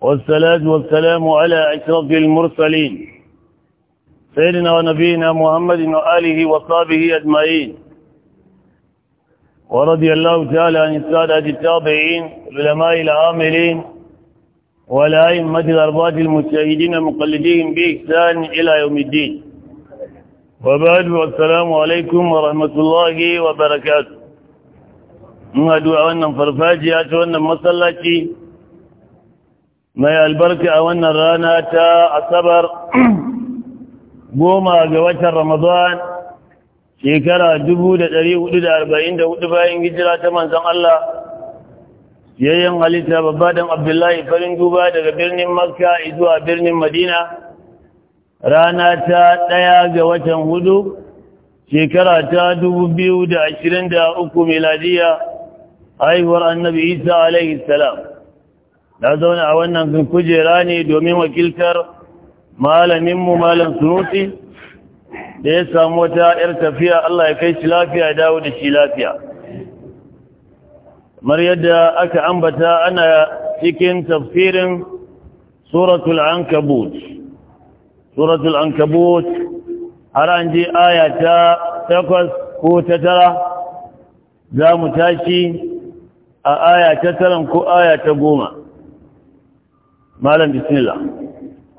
والصلاة والسلام على أشرف المرسلين سيدنا ونبينا محمد وآله وصحبه أجمعين ورضي الله تعالى عن السادة التابعين العلماء العاملين والأئمة الأربعة المجتهدين مقلديهم بإحسان إلى يوم الدين وبعد والسلام عليكم ورحمة الله وبركاته ما أن فرفاجئة وأن مصلاتي mai albarka a wannan rana ta asabar goma ga watan ramadan shekara hudu bayan gijira ta manzon Allah yayin halitta babba dan abdullahi farin duba daga birnin makka zuwa birnin madina rana ta ɗaya ga watan hudu shekara ta da da uku miladiya haihuwar annabi isa alaihi salam na zauna a wannan kujera ne domin wakiltar malaminmu malam sunuti da ya samu wata 'yar tafiya Allah ya kai shi lafiya dawo da shi lafiya kamar yadda aka ambata ana cikin tafsirin suratul ankabut suratul ankabut har an je aya ta takwas ko ta tara za mu tashi a aya ta taran ko aya ta goma بسم الله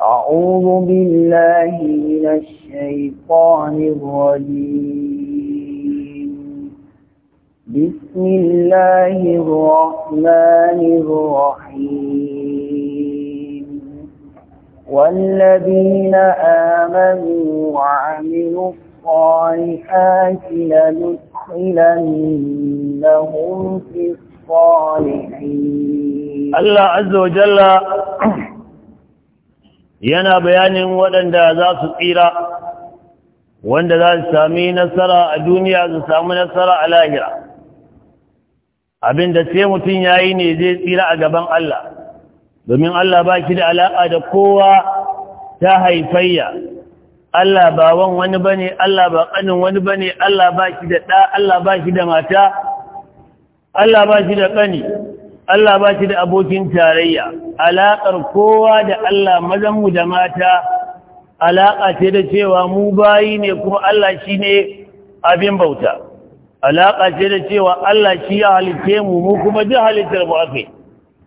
أعوذ بالله من الشيطان الرجيم بسم الله الرحمن الرحيم والذين آمنوا وعملوا الصالحات لندخلنهم في الصالحين Allah azza wa jalla yana bayanin waɗanda za su tsira wanda za su sami nasara a duniya su sami nasara a lahira abinda sai mutum ya yi ne zai tsira a gaban Allah domin Allah ba shi da alaƙa da kowa ta haifayya Allah ba wan wani ba ne Allah ba ƙanin wani ba ne Allah ba shi da ɗa Allah ba shi da mata Allah ba shi da ƙani Allah ba shi da abokin tarayya alaƙar kowa da Allah mazanmu da mata alaƙa ce da cewa mu bayi ne kuma Allah shi ne abin bauta alaƙa ce da cewa Allah shi ya halitte mu mu kuma duk halittar mu ake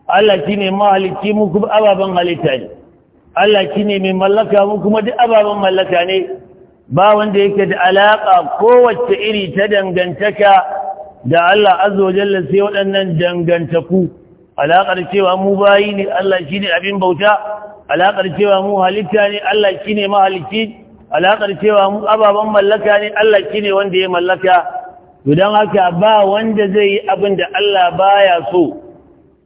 Allah shi ne mahalicci mu kuma ababen halitta ne Allah shi ne mai mallaka mu kuma duk ababen mallaka ne ba wanda yake da alaƙa kowace iri ta dangantaka da Allah azza wa sai waɗannan dangantaku alaƙar cewa mu bayi ne Allah shine abin bauta alaƙar cewa mu halitta ne Allah shine mahalicci alaƙar cewa mu ababen mallaka ne Allah shine wanda ya mallaka to haka ba wanda zai yi abin da Allah baya so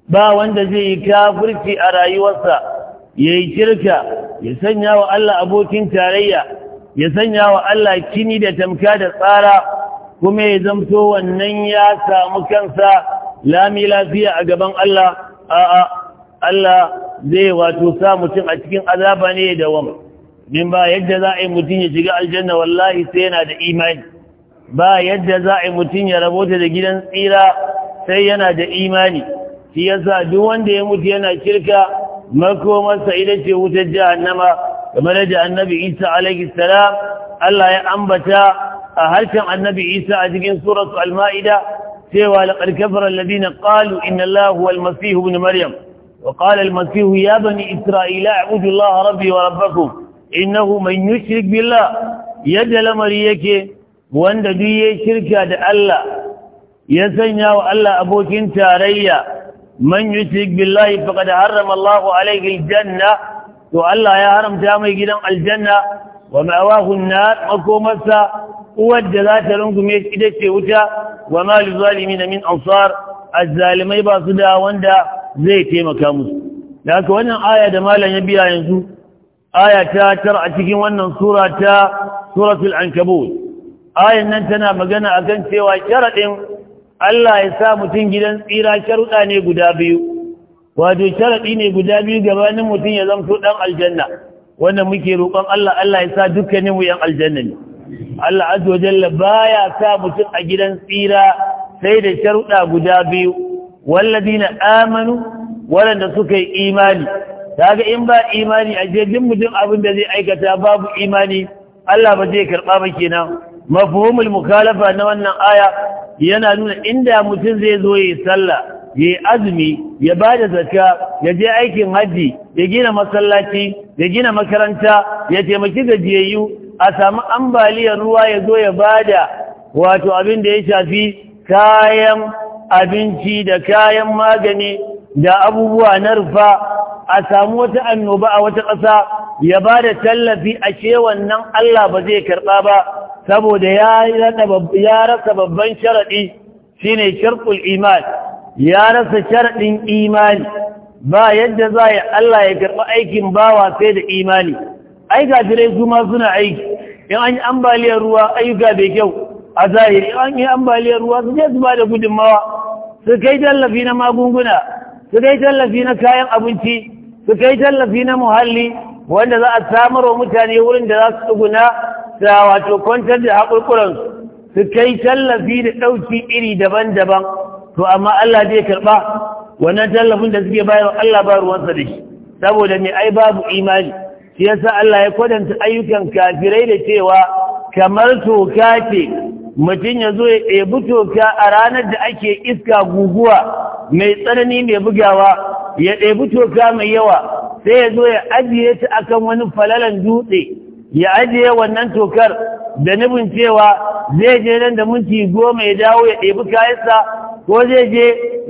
ba wanda zai yi kafirci a rayuwarsa yayi shirka ya sanya wa Allah abokin tarayya ya sanya wa Allah kini da tamka da tsara kuma ya zamto wannan ya samu kansa lami lafiya a gaban Allah a'a Allah zai wato sa mutum a cikin azaba ne da wam min ba yadda za a yi mutum ya shiga aljanna wallahi sai yana da imani ba yadda za a yi mutum ya rabota da gidan tsira sai yana da imani shi yasa duk wanda ya mutu yana kirka makomarsa idan ce wutar jahannama kamar da annabi isa alaihi salam Allah ya ambata a harshen annabi isa a cikin suratu al-ma'ida cewa laqad kafara alladhina qalu inna allaha huwa masih ibn maryam wa qala al-masih ya bani isra'ila a'budu allaha rabbi wa rabbakum innahu man yushrik billah yadda lamari yake wanda duk yayi shirka da Allah ya sanya wa Allah abokin tarayya man yushrik billahi faqad harrama allahu alayhi al-janna to Allah ya haramta mai gidan aljanna wa ma'awahu an-nar makomarsa uwar da za ta rungume shi ita ce wuta wa mali zalimi na min ansar azzalimai ba su da wanda zai taimaka musu da haka wannan aya da malam ya biya yanzu aya ta tar a cikin wannan sura ta suratul ankabut ayan nan tana magana akan cewa sharadin Allah ya sa mutum gidan tsira sharuɗa ne guda biyu wato sharaɗi ne guda biyu gabanin mutum ya zama zamto ɗan aljanna wanda muke roƙon Allah Allah ya sa dukkaninmu ‘yan aljanna ne Allah azza wa jalla baya sa mutum a gidan tsira sai da sharuɗa guda biyu walladina amanu waɗanda suka yi imani kaga in ba imani a jejin mutum abin da zai aikata babu imani Allah ba zai karɓa ba kenan mafhumul mukalafa na wannan aya yana nuna inda mutum zai zo yi sallah ya yi azumi ya ba da zaka ya je aikin hajji ya gina masallaci ya gina makaranta ya taimaki gajiyayyu a samu ambaliyar ruwa ya zo ya bada wato abin da ya shafi kayan abinci da kayan magani da abubuwa na rufa a samu wata annoba a wata ƙasa ya ba da tallafi a ce nan Allah ba zai karɓa ba saboda ya rasa babban sharaɗi shi ne shirkul iman ya rasa sharaɗin imani ba yadda za a Allah ya karɓi aikin bawa sai da imani ai ga jirai su ma suna aiki in an yi ambaliyar ruwa ayyuka da kyau a zahiri in an yi ambaliyar ruwa su je su ba da gudunmawa su kai tallafi na magunguna su kai tallafi na kayan abinci su kai tallafi na muhalli wanda za a samar wa mutane wurin da za su tsuguna da wato kwantar da haƙurƙuransu su kai tallafi da ɗauki iri daban-daban to amma Allah zai karɓa wannan tallafin da suke bayarwa Allah ba ruwansa da shi saboda mai ai babu imani shi sa Allah ya kwadanta ayyukan kafirai da cewa kamar toka ce mutum ya zo ya ɗebi toka a ranar da ake iska guguwa mai tsanani mai bugawa ya ɗebi toka mai yawa sai ya zo ya ajiye ta akan wani falalan dutse ya ajiye wannan tokar da nufin cewa zai je nan da minti goma ya dawo ya ɗebi kayansa ko zai je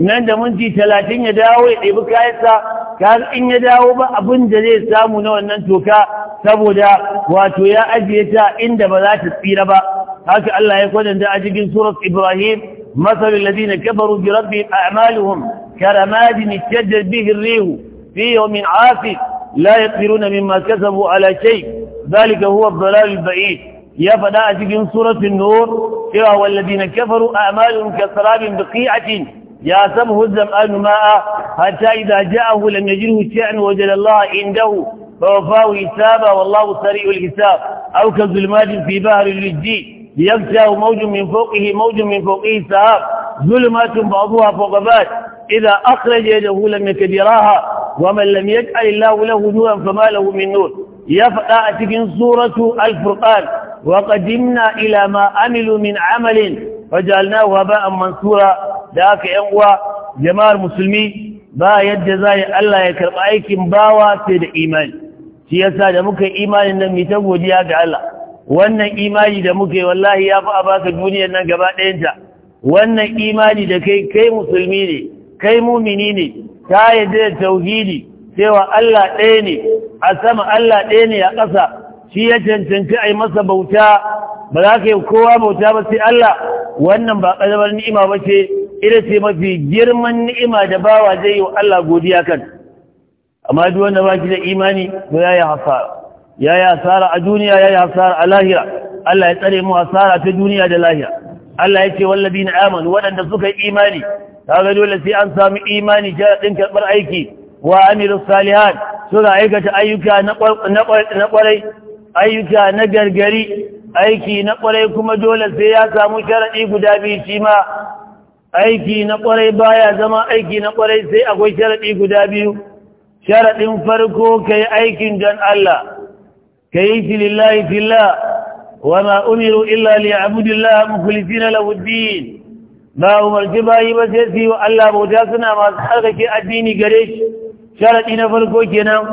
nan da minti talatin ya dawo ya ɗebi kayansa ka in ya dawo ba abin da zai samu na wannan toka saboda wato ya ajiye ta inda ba za ta tsira ba haka Allah ya kwadanta a cikin surat ibrahim masar lalazin da kabaru bi rabbi a amaluhun karamadi fi yau min asif la ya tsiru na min ala shai zalika huwa zalalul ba'id ya faɗa سورة النور suratun nur cewa كفروا kafaru كسراب بقيعة يا ياسمه الزمان ماء حتى إذا جاءه لم يجده شيئا وجد الله عنده فوفاه حسابا والله سريع الحساب أو كظلمات في بحر اللجي ليغشاه موج من فوقه موج من فوقه سهاب ظلمات بعضها فوق بعض إذا أخرج يده لم يكد يراها ومن لم يجعل الله له نورا فما له من نور ya faɗa a cikin suratu al-furqan wa qadimna ila ma amilu min amalin fajalnahu haba'an mansura da haka yan uwa jama'ar musulmi ba yadda zai Allah ya karɓi aikin bawa sai da imani shi yasa da muka imanin nan mu ta godiya ga Allah wannan imani da muka yi wallahi ya fi a baka duniyar nan gaba ɗayanta wannan imani da kai kai musulmi ne kai mumini ne ta yadda da tauhidi cewa Allah ɗaya ne a sama Allah ɗaya ne a ƙasa shi ya cancanci a yi masa bauta ba za ka yi kowa bauta ba sai Allah wannan ba ƙaramar ni'ima ba ce ita ce mafi girman ni'ima da bawa zai yi wa Allah godiya kan amma duk wanda ba shi da imani ko ya yi hasara ya yi hasara a duniya ya yi hasara a lahira Allah ya tsare mu hasara ta duniya da lahira Allah ya ce wallabi na amanu waɗanda suka yi imani ta ga dole sai an samu imani sharaɗin karɓar aiki wa amilu Salihan, suna aikata ayyuka na kwarai ayyuka na gargari aiki na kwarai kuma dole sai ya samu sharaɗi guda biyu shi ma aiki na kwarai baya zama aiki na kwarai sai akwai sharaɗi guda biyu sharaɗin farko ka yi aikin don Allah ka yi shi lillahi fillah wa ma umiru illa li abudillah lahu din ba umarci bayi ba sai su yi wa Allah bauta suna masu harkake addini gare shi sharaɗi na farko kenan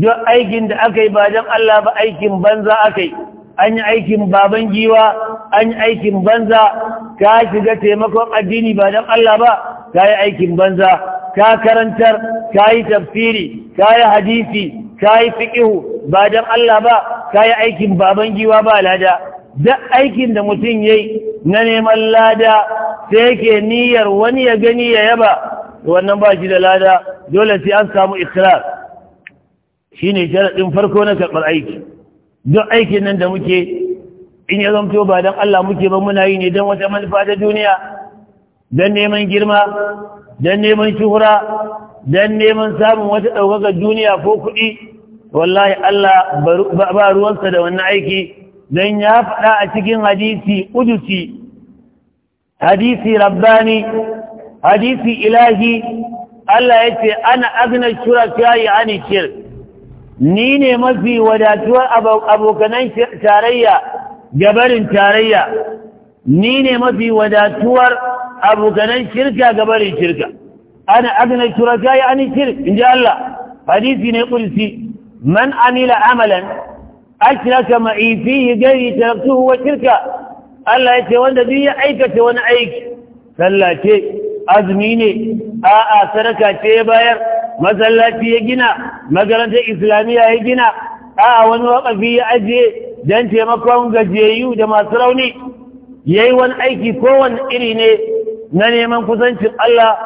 duk aikin da aka yi ba don Allah ba aikin banza aka yi an yi aikin baban giwa an yi aikin banza ka shiga taimakon addini ba don Allah ba ka yi aikin banza ka karantar ka yi tafsiri ka yi hadisi ka yi fiƙihu ba don Allah ba ka yi aikin baban giwa ba lada duk aikin da mutum ya yi na neman lada sai yake niyyar wani ya gani ya yaba wannan ba shi da lada dole sai an samu ikirar shi ne sharaɗin farko na karɓar aiki Don aikin nan da muke in ya zamto ba don Allah muke ba muna yi ne don wata manufa ta duniya don neman girma don neman shuhura don neman samun wata ɗaukakar duniya ko kuɗi wallahi Allah ba ruwansa da wannan aiki don ya faɗa a cikin hadisi Uduti, hadisi rabbani hadisi ilahi Allah ya ce ana agnar shura ya ani shirk ni ne mafi wadatuwar abokanan tarayya gabarin tarayya ni ne mafi wadatuwar abokanan shirka gabarin shirka ana agnar shura ya ani shirk in ji Allah hadisi ne kursi man anila amalan ashraka ma'i fihi gairi taraktuhu wa shirka Allah ya ce wanda duk ya aikata wani aiki sallah ce azumi ne a'a sadaka ce ya bayar masallaci ya gina makarantar islamiyya ya gina a'a wani wakafi ya ajiye don taimakon gajiyayyu da masu rauni ya yi wani aiki kowane iri ne na neman kusancin Allah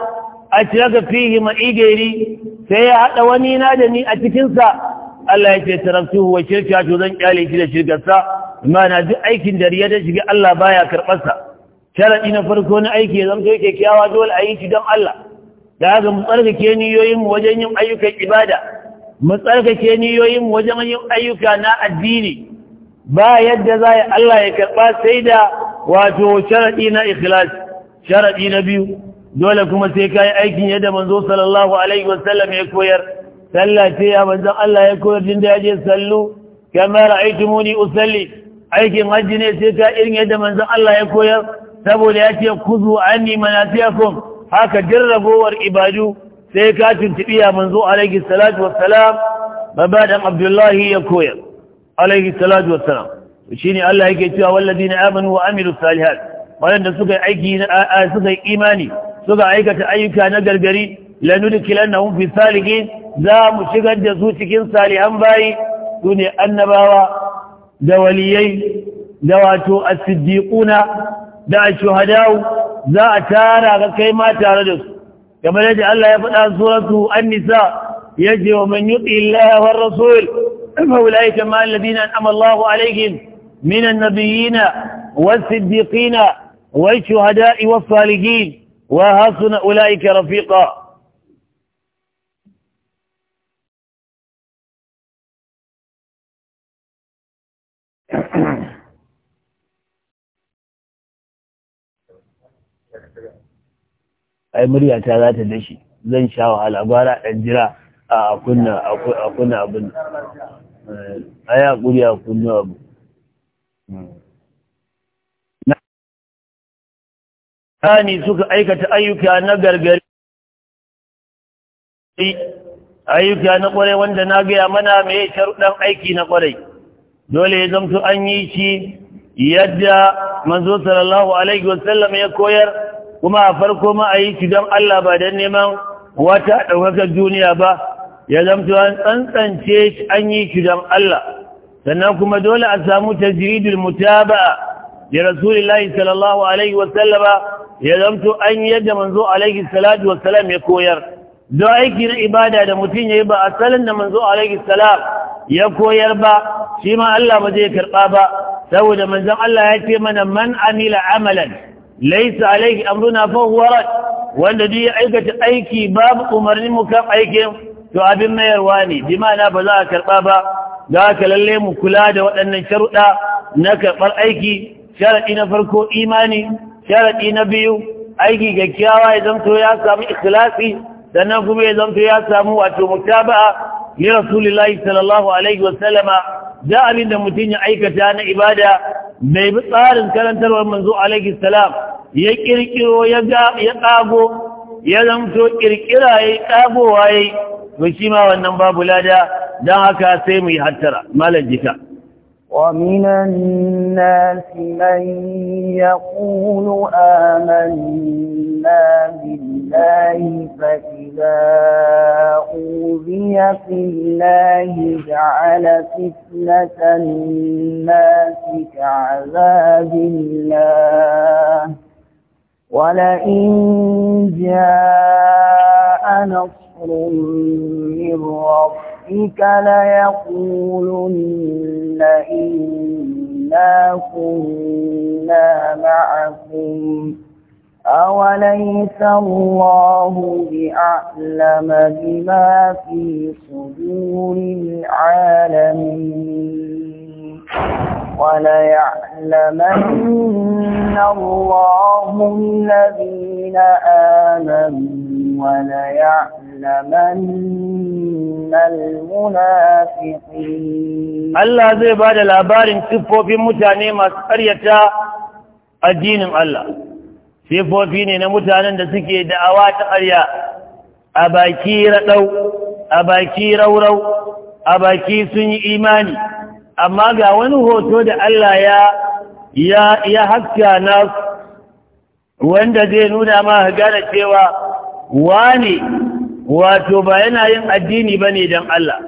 a ga fihi ma'igeri sai ya haɗa wani na da ni a cikinsa Allah ya ce tarabtuhu wa shirka to zan kyale shi da shirgarsa. imana duk aikin da riya da shiga Allah baya karɓarsa sharaɗi na farko na aiki ya zamto kyakkyawa dole a yi shi don Allah da haka mu tsarkake niyoyinmu wajen yin ayyukan ibada mu tsarkake niyoyinmu wajen yin ayyuka na addini ba yadda za Allah ya karɓa sai da wato sharaɗi na ikhlas sharaɗi na biyu dole kuma sai ka yi aikin yadda manzo sallallahu alaihi wasallam ya koyar sallah ce ya manzon Allah ya koyar din da ya je sallu kamar ra'aytumuni usalli aikin hajji ne sai ka irin yadda manzon Allah ya koyar saboda ya ce kuzu anni manasiyakum haka dirragowar ibadu sai ka tuntubi ya manzo alaihi salatu wassalam babadan abdullahi ya koyar alaihi salatu wassalam shine Allah yake cewa walladina amanu wa amilus salihat wanda suka aiki suka imani suka aikata ayyuka na gargari lanudkilannahum fi salihin za mu shigar da su cikin salihan bayi sune annabawa da waliyai da wato as-siddiquna da shuhadau za a tara ga kai ma tare da su kamar yadda Allah ya faɗa suratu an-nisa yace wa man yuti Allah war rasul fa ulaika ma alladhina an'ama Allahu alaihim min an-nabiyyin was-siddiqin wash-shuhada'i was-salihin wa hasuna ulaika rafiqa ai murya ta za ta dashi zan sha wahala gwara dan jira a kunna a kunna abin eh, ai kuri a kunna abu Sani suka aikata ayyuka na gargari ayyuka na kwarai wanda na gaya mana mai sharuɗan aiki na kwarai dole ya zamto an yi shi yadda manzo sallallahu alaihi wasallam ya koyar kuma a farko ma a yi shi don Allah ba don neman wata ɗaukakar duniya ba ya zamto an tsantsance an yi shi don Allah sannan kuma dole a samu tajridul mutaba'a da rasulullahi sallallahu alaihi wasallama ya zamto an yadda manzo alaihi salatu wa ya koyar don aiki na ibada da mutum ya yi ba asalin da manzo alaihi salam ya koyar ba shi ma Allah ba zai karɓa ba saboda manzon Allah ya ce mana man amila amalan laisa alaihi amruna fa huwa rad wanda duk ya aikata aiki babu umarnin mu kan aikin to abin mayarwa ne bi ma'ana ba za a karba ba za ka lalle mu kula da waɗannan sharuɗa na karɓar aiki sharaɗi na farko imani sharaɗi na biyu aiki gaggawa ya zanto ya samu ikhlasi sannan kuma ya zanto ya samu wato mutaba'a li rasulillahi sallallahu alaihi wa sallama da abin da mutum ya aikata na ibada Mai bi tsarin karantarwar manzo alaihi salam ya kirkiro ya ƙago ya zamto kirkira ya yi waye, ya shi ma wannan babu lada don haka sai mu yi hattara malar jika ومن الناس من يقول آمنا بالله فإذا أوذي في الله جعل فتنة الناس كعذاب الله ولئن جاء نصر من ربك ليقولن إنا كنا معكم أوليس الله بأعلم بما في صدور العالمين وليعلمن الله الذين آمنوا وليعلمن Allah zai ba da labarin siffofin mutane masu ƙaryata addinin Allah. Siffofi ne na mutanen da suke da'awa ta ƙarya a baki raɗau, a baki raurau, a baki sun yi imani, amma ga wani hoto da Allah ya, ya haska na wanda zai nuna ma gane cewa wane wato ba yana yin addini ba ne don Allah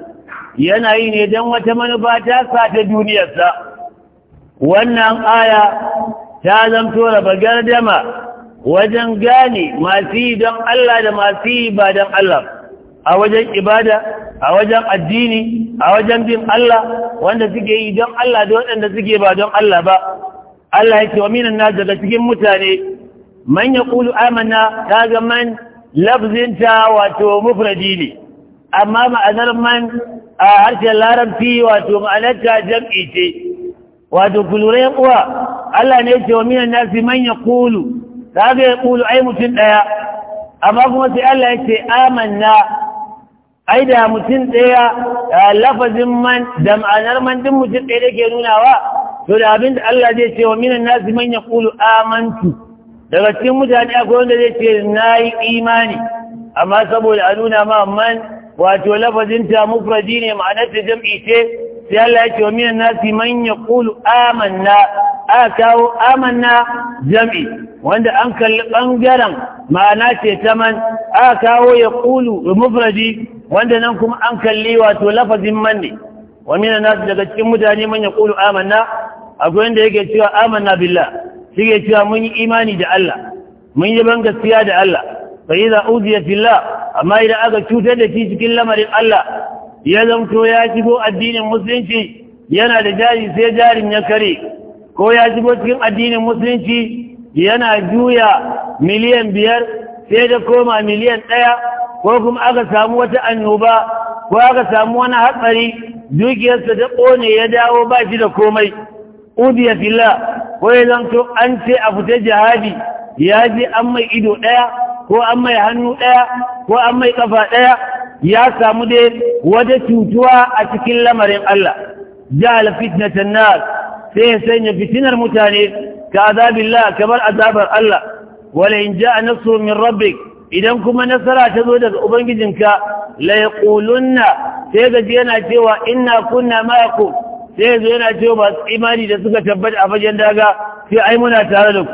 yana yi ne don wata manufa ta sa ta duniyarsa wannan aya ta zamto raba gardama wajen gane masu yi don Allah da masu yi ba don Allah a wajen ibada a wajen addini a wajen bin Allah wanda suke yi don Allah da waɗanda suke ba don Allah ba Allah ya ce wa minan na daga cikin mutane man ya ƙulu amana ta ga man lafzinta wato mufradi ne amma ma'anar man a harshen larabci wato ma'anarta jam'i ce wato kulurai kuwa Allah ne ce wa minan nasi man ya kulu ta ga ya kulu ai mutum ɗaya amma kuma sai Allah ya ce amanna ai da mutum ɗaya lafazin man da ma'anar man din mutum ɗaya da ke nunawa to da abin da Allah zai ce wa minan nasi man ya kulu amantu daga cikin mutane akwai wanda zai ce na yi imani amma saboda a nuna ma man wato lafazinta mufradi ne ma'anar ta jam'i ce sai Allah ya ce wa minan nasi man ya kulu amanna a kawo amanna jam'i wanda an kalli bangaren ma'ana ce ta man a kawo ya kulu mufradi wanda nan kuma an kalli wato lafazin man ne wa minan nasi daga cikin mutane man ya kulu amanna akwai wanda yake cewa amanna billah shi ke cewa mun yi imani da Allah mun yi ban gaskiya da Allah fa idza uziya fillah amma idan aka cutar da shi cikin lamarin Allah ya zamto ya shigo addinin musulunci yana da jari sai jarin ya kare ko ya shigo cikin addinin musulunci yana juya miliyan biyar sai da koma miliyan ɗaya ko kuma aka samu wata annoba ko aka samu wani hatsari dukiyarsa ta ƙone ya dawo ba shi da komai udiya fillah ko ya zanto an ce a fita jihadi ya je an mai ido ɗaya ko an mai hannu ɗaya ko an mai ƙafa ɗaya ya samu dai wata cutuwa a cikin lamarin Allah ja'al fitnatan nas sai ya sanya fitinar mutane ka azabillah kamar azabar Allah wala in ja'a nasrun min rabbik idan kuma nasara ta zo daga ubangijinka la yaqulunna sai gaji yana cewa inna kunna ma'akum sai yanzu yana wa masu imani da suka tabbata a fagen daga sai ai muna tare da ku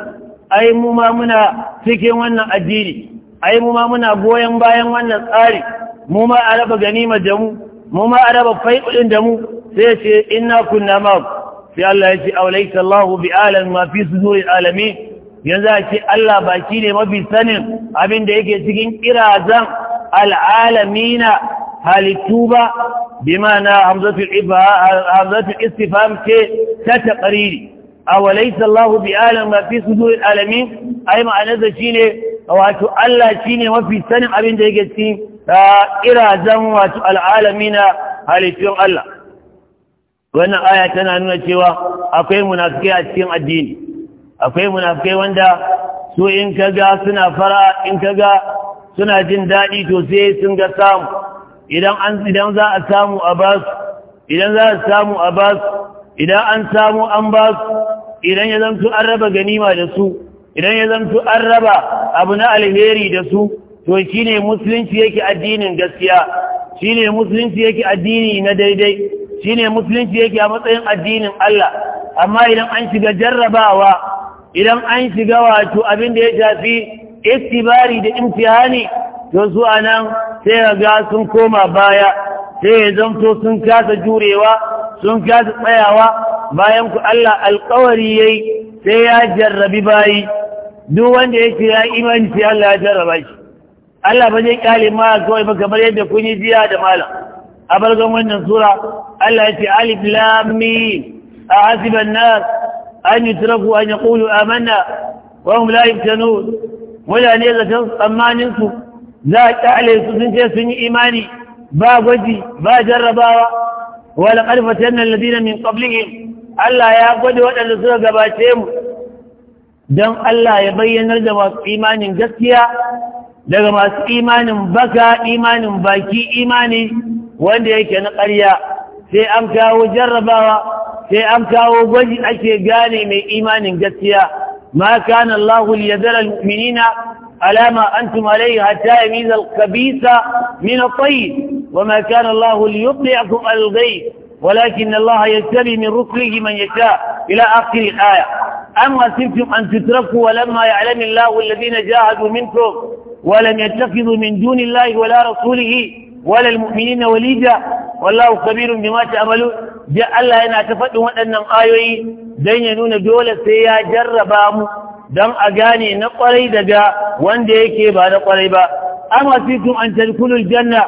ai mu ma muna cikin wannan addini ai mu ma muna goyon bayan wannan tsari mu ma a raba ganimar da mu mu ma a raba da mu sai ce inna kunna ma sai Allah ya ce aulaita Allahu bi alam ma fi suduril alamin yanzu a ce Allah baki ne mafi sanin abin da yake cikin kirazan al'alamina halittu ba bi ma'ana hamzatul istifam ce ta takariri. aw laysa Allahu bi alam ma fi suduril ai ma'ana da shine wato Allah shine mafi sanin abin da ya yake cikin irazan wato al'alamina halittun Allah wannan aya tana nuna cewa akwai munafikai a cikin addini akwai munafikai wanda su in kaga suna fara in kaga suna jin daɗi to sun ga samu idan an idan za a samu abas idan za a samu abas idan an samu an ba su idan ya zanto an raba ganima da su idan ya zanto an raba abu na alheri da su to shine musulunci yake addinin gaskiya shine musulunci yake addini na daidai shine musulunci yake a matsayin addinin Allah amma idan an shiga jarrabawa idan an shiga wato abin da ya shafi istibari da imtihani to su a nan sai ga sun koma baya sai ya zamto sun kasa jurewa sun kasa tsayawa bayan ku Allah alkawari yayi sai ya jarrabi bayi duk wanda yake ya imani sai Allah ya jarraba shi Allah ba zai kyale ma kawai ba kamar yadda kun yi jiya da malam a bargan wannan sura Allah ya ce alif lam a hasiban nas an yutraku an yaqulu amanna wa hum la yaftanun wala zaton tsammanin su za a ƙyale su sun ce sun yi imani ba gwaji ba jarrabawa wala ta nan ladina min qablihim Allah ya gwada waɗanda suka gabace mu don Allah ya bayyanar da masu imanin gaskiya daga masu imanin baka imanin baki imani wanda yake na ƙarya sai an kawo jarrabawa sai an kawo gwaji ake gane mai imanin gaskiya ma kana Allahu liyadhara al-mu'minina على ما أنتم عليه حتى يميز الخبيث من الطيب وما كان الله ليطلعكم على الغيب ولكن الله يجتبي من رسله من يشاء إلى آخر الآية أما حسبتم أن تتركوا ولما يعلم الله الذين جاهدوا منكم ولم يتخذوا من دون الله ولا رسوله ولا المؤمنين وليدا والله خبير بما تعملون جاء الله أن تفدوا أن آيوي دين ينون nuna dole don a gane na kwarai daga wanda yake ba na kwarai ba amma fikum an tarkulu janna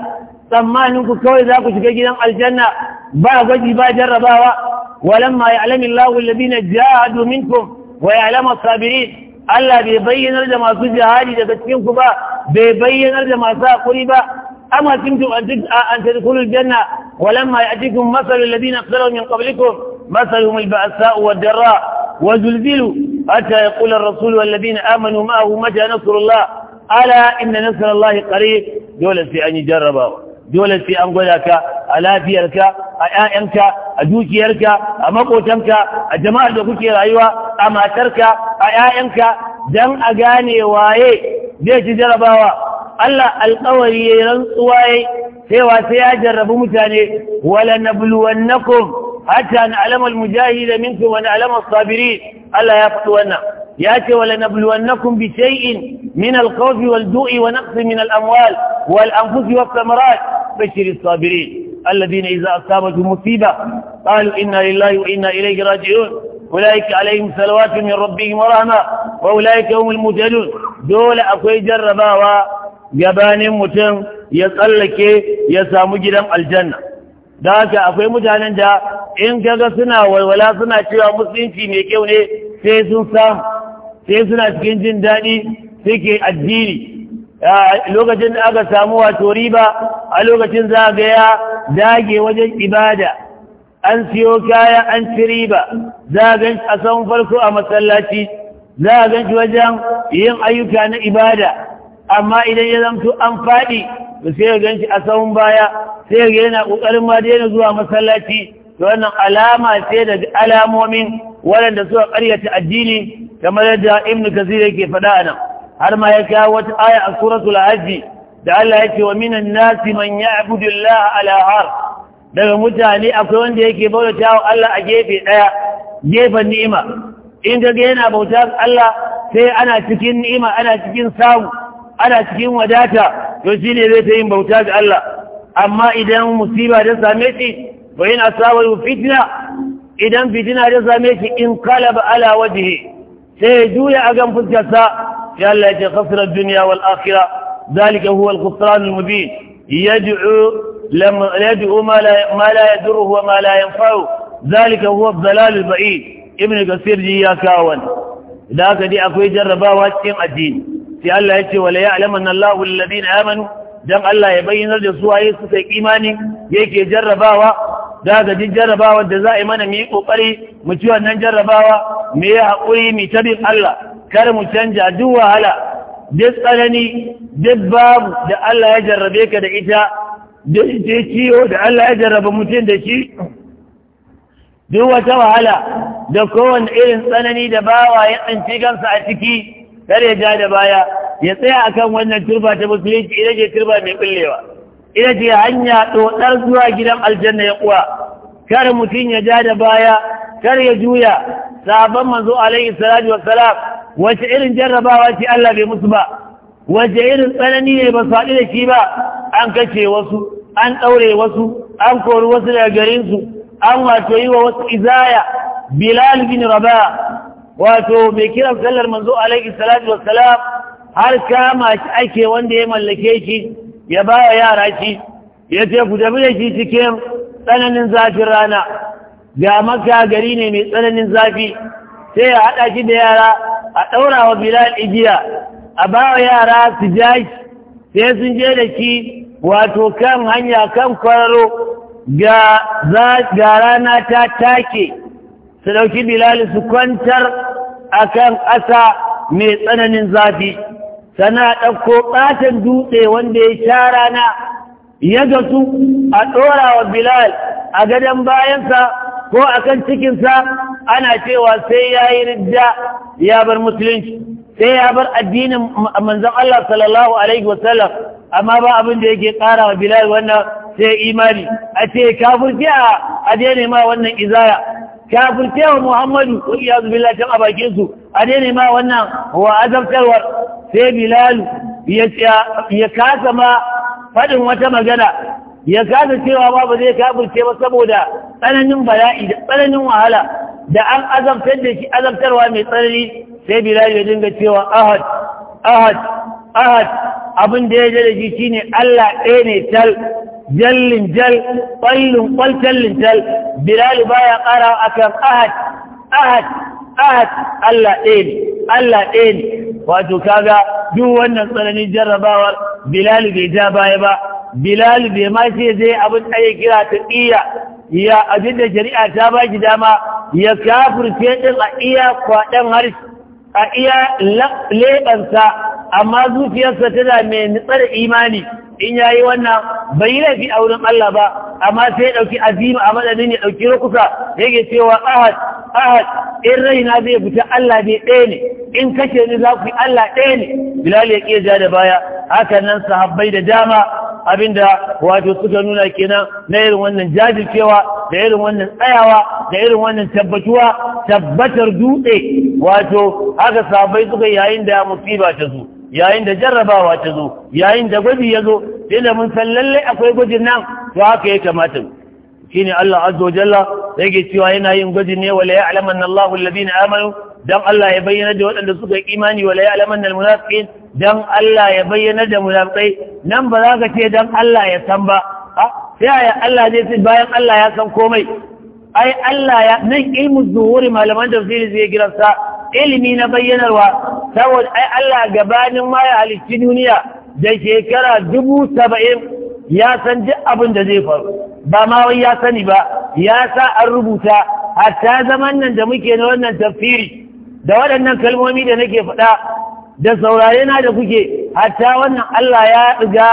tsammanin ku kawai za ku shiga gidan aljanna ba gwaji ba jarrabawa walamma ya'lamu Allahu alladhina jahadu minkum wa ya'lamu as-sabirin Allah bai bayyanar da masu jihadi daga cikin ku ba bai bayyanar da masu hakuri ba amma kin kuntum an an tadkhulul janna ya'tikum ولما يأتيكم مثل الذين خلوا من قبلكم مثلهم dara wa zulzilu حتى يقول الرسول والذين آمنوا معه متى نصر الله ألا إن نصر الله قريب دولة في أن يجربه دولة في أن قلك ألا فيك أيانك أدوكيرك أمقوتنك الجماعة الدكوكي رأيوة أما ترك أيانك دم أغاني واي zai ci jarabawa Allah alkawari ya yi rantsuwa ya sai wasu ya jarrabu mutane wala na buluwannakum حتى نعلم المجاهد منكم ونعلم الصابرين ألا يفتونا ياتي ولنبلونكم بشيء من الخوف والجوع ونقص من الأموال والأنفس والثمرات بشر الصابرين الذين إذا أصابتهم مصيبة قالوا إنا لله وإنا إليه راجعون أولئك عليهم صلوات من ربهم ورحمة وأولئك هم المهتدون دول أكوي جرباوا جبان متم يصلك يا جرم الجنة da haka akwai mutanen da in kaga suna walwala suna cewa musulunci mai kyau ne sai sun samu sai suna cikin jin daɗi suke addini lokacin da aka samu wato riba a lokacin za ga ya dage wajen ibada an siyo kaya an ci riba za gan a san farko a masallaci za a ga wajen yin ayyuka na ibada amma idan ya zamto an faɗi sai ya ganci a sahun baya sai ya yana ƙoƙarin ma daina zuwa masallaci da wannan alama ce da alamomin waɗanda suka ƙaryata addini kamar yadda ibn kasir yake faɗa a nan har ma ya kawo wata aya a suratul hajji da Allah ya ce wa minan nasi man ya'budu Allah ala har daga mutane akwai wanda yake bauta wa Allah a gefe ɗaya gefen ni'ima in ga yana bauta Allah sai ana cikin ni'ima ana cikin samu ana cikin wadata don shi ne zai ta yin bauta ga Allah amma idan musiba ta same shi wa yin asabar fitina idan fitina ta same shi in kala kalaba ala wajihi sai ya juya a gan fuskarsa ya Allah ya ce khasirar duniya wal akhira zalika huwa al-khusran al-mubin yad'u lam yad'u ma la ma la yadurruhu wa ma la yanfa'u zalika huwa ad-dalal al-ba'id ibn kasir ji ya kawan da haka dai akwai jarrabawa cikin addini sai Allah ya ce wala ya'lamanna Allahu na amanu Don Allah ya bayyana da su waye su sai imani yake jarrabawa da jarrabawa da za a yi mana mu yi ƙoƙari mu ci wannan jarrabawa mu yi hakuri mu tabin Allah kar mu canja duk wahala duk tsanani duk babu da Allah ya jarrabe ka da ita duk ce ciwo da Allah ya jarraba mutum da shi duk wata wahala da kowane irin tsanani da bawa ya tsanci kansa a ciki kar ya ja da baya ya tsaya akan wannan turba ta musulunci ita ce turba mai bullewa ita ce hanya ɗoɗar zuwa gidan aljanna ya kuwa kar mutum ya ja da baya kar ya juya sabon manzo alaihi salatu wassalam wace irin jarrabawa ce Allah bai musu ba wace irin tsanani ne ba su da shi ba an kace wasu an ɗaure wasu an kori wasu daga garinsu an wato yi wa wasu izaya bilal bin rabah wato mai kiran sallar manzo alaihi salatu wassalam har kama shi ake wanda ya mallake shi ya ba wa yara shi ya ce ku tafi da shi cikin tsananin zafin rana ga maka gari ne mai tsananin zafi sai ya haɗa shi da yara a ɗaura wa bilal igiya a ba wa yara su ja shi sai sun je da shi wato kan hanya kan kwararo ga rana ta take su ɗauki bilal su kwantar a kan ƙasa mai tsananin zafi sana ɗauko ƙaton dutse wanda ya sha rana ya gasu a ɗora wa bilal a gadon bayansa ko a kan cikinsa ana cewa sai ya yi ridda ya bar musulunci sai ya bar addinin manzan Allah sallallahu Alaihi wasallam amma ba abin da yake ƙara wa bilal wannan sai imani a ce kafurci a daina ma wannan izaya kafirce wa muhammadu ko iyazu billahi tan abake su a daina ma wannan wa azabtarwar sai bilal ya kasa ma faɗin wata magana ya kasa cewa ba ba zai kafirce ba saboda tsananin bala'i da tsananin wahala da an azabtar da shi azabtarwa mai tsanani sai bilal ya dinga cewa ahad ahad ahad abin da ya je da shi shine Allah ɗaya ne tal jallin jal ƙwallin ƙwal jal baya ƙara akan ahad ahad ahad Allah ɗaya ne Allah ɗaya ne wato kaga duk wannan tsananin jarrabawar bilalu bai ja baya ba bilalu bai ma ce zai abin da ya kira ta iya ya abin da shari'a ta ba shi dama ya kafirce ɗin a iya kwaɗan harshe a iya leɓansa amma zuciyarsa tana mai nutsar imani in ya yi wannan bai yi laifi a wurin Allah ba amma sai ya ɗauki azima a madadin ya ɗauki rukusa yake cewa ahad ahad in raina zai fita Allah ne ɗaya ne in kashe ni za ku yi Allah ɗaya ne bilal ya ƙi ja da baya haka nan sahabbai da dama abinda wato suka nuna kenan na irin wannan jajircewa da irin wannan tsayawa da irin wannan tabbatuwa tabbatar dutse wato haka sahabbai suka yayin da musiba ta zo yayin da jarrabawa ta zo yayin da gwaji ya zo sai mun san lallai akwai gwajin nan to haka ya kamata shine Allah azza wa jalla yake cewa yana yin gwaji ne wala ya'lamanna Allahu alladhina amanu dan Allah ya bayyana da waɗanda suka yi imani wala ya'lamanna almunafiqin dan Allah ya bayyana da munafiqai nan ba za ka ce dan Allah ya san ba sai Allah zai ce bayan Allah ya san komai ai Allah ya nan ilmu zuhuri malaman tafsiri zai giransa ilimi na bayyanarwa saboda ai Allah gabanin ma ya halicci duniya da shekara dubu saba'in ya san duk abin da zai faru ba ma wai ya sani ba ya sa an rubuta hatta zaman nan da muke na wannan tafsiri da waɗannan kalmomi da nake faɗa da saurare na da kuke hatta wannan Allah ya riga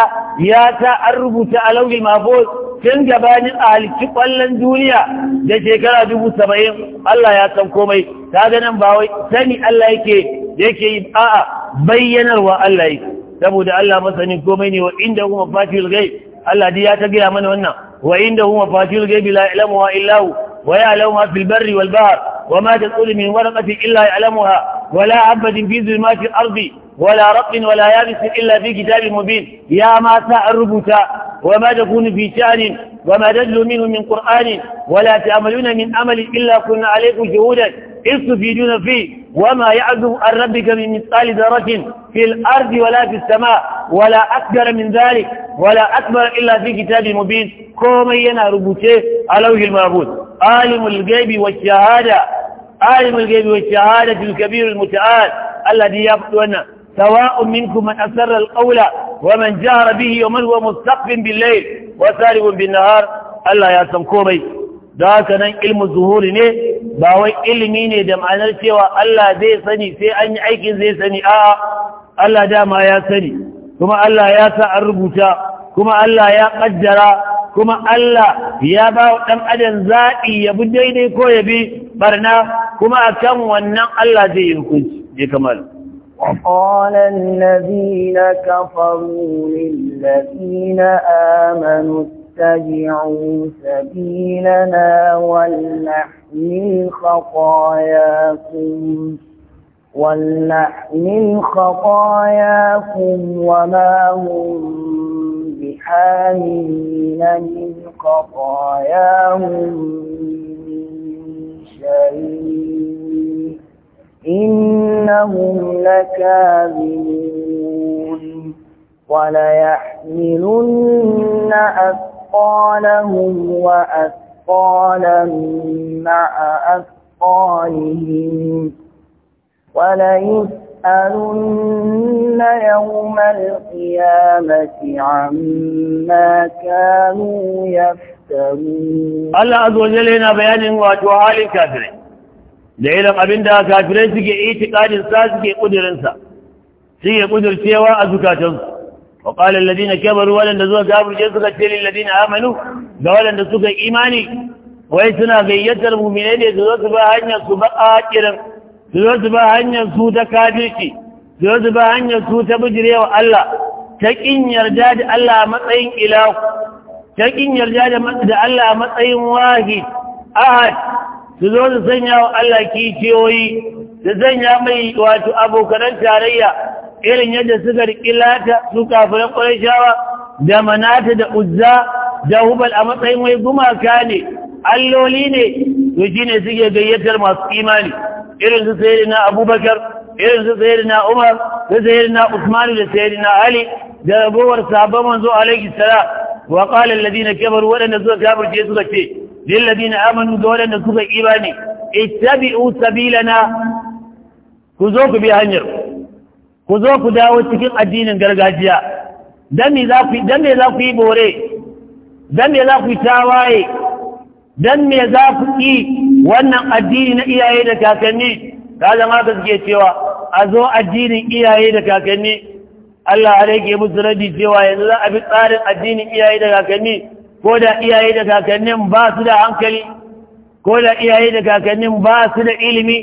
ya sa an rubuta a lauli mafos tun gabanin a halicci ƙwallon duniya da shekara dubu saba'in Allah ya san komai ta ganin ba wai sani Allah yake da yake yi a'a bayyanarwa Allah yake saboda Allah masani komai ne wa inda kuma fatil ghaib Allah dai ya ta gaya mana wannan wa inda kuma fatil ghaib la ilmu wa illa hu wa ya'lamu ma fil barri wal bahr wa ma tasulu min waraqatin illa ya'lamuha wa la 'abadin fi zulmati al-ardi wa la raqin wa la yabis illa fi kitabin mubin ya ma sa rubuta وما تكون في شأن وما تدل منه من قرآن ولا تعملون من أمل إلا كنا عليكم شهودا إذ تفيدون فيه وما يعزب عن ربك من مثقال ذرة في الأرض ولا في السماء ولا أكبر من ذلك ولا أكبر إلا في كتاب مبين كوما ينهربوته علوه المعبود عالم الغيب والشهادة عالم الغيب والشهادة الكبير المتعال الذي يبطلنا سواء منكم من أسر القول ومن جهر به ومن هو مستقف بالليل وسارب بالنهار الله يا سمكومي ذاك نن علم الظهور ne ba wai ilimi ne da ma'anar cewa Allah zai sani sai an yi aikin zai sani a Allah dama ya sani kuma Allah ya sa an rubuta kuma Allah ya ƙaddara, kuma Allah ya ba wa ɗan adam zaɓi ya bi daidai ko ya bi barna kuma akan wannan Allah zai yi hukunci je kamar وقال الذين كفروا للذين آمنوا اتبعوا سبيلنا ولنحمل خطاياكم ولنحمل خطاياكم وما هم بحاملين من خطاياهم إنهم لكاذبون وليحملن أكثر أثقالهم وأثقالا مع أثقالهم وليسألن يوم القيامة عما كانوا يفترون الله عز وجل هنا بيان وجوهال الكافرين da irin كافرين سيكي kafirai suke سيكي قدر suke سيكي قدر سيوا a zukatansu wa qala alladhina kafaru walanda zuwa kafirce suka ce lil ladina amanu ga walanda suka imani wai suna gayyatar mu'minai ne su zo su ba hanyar su ba akirin su zo su ba hanyar su ta kafirci su su ba hanyar su ta bijirewa Allah ta kin yarda da Allah a matsayin ilahu ta kin yarda da Allah a matsayin wahid ahad su su sanya wa Allah kishiyoyi su sanya mai wato abokanan tarayya irin yadda suka riƙi lata su kafiran ƙwarishawa da manata da uzza da hubal a matsayin wai gumaka ne alloli ne to shi ne suke gayyatar masu imani irin su sayar na abubakar irin su sayar na umar da sayar na usmanu da sayar na ali da rabuwar sabon manzo alaihi sara wa qala alladhina kebar waɗanda suka ce suka ce lil ladina amanu da waɗanda suka ne ittabi'u sabilana ku zo ku bi hanyar ku zo ku dawo cikin addinin gargajiya dan me za ku dan me za ku yi bore dan me za ku tawaye dan me za ku yi wannan addini na iyaye da kakanni ka zama ka suke cewa a zo addinin iyaye da kakanni Allah rage musu radi cewa yanzu za a bi tsarin addinin iyaye da kakanni ko da iyaye da kakannin ba su da hankali ko da iyaye da kakannin ba su da ilimi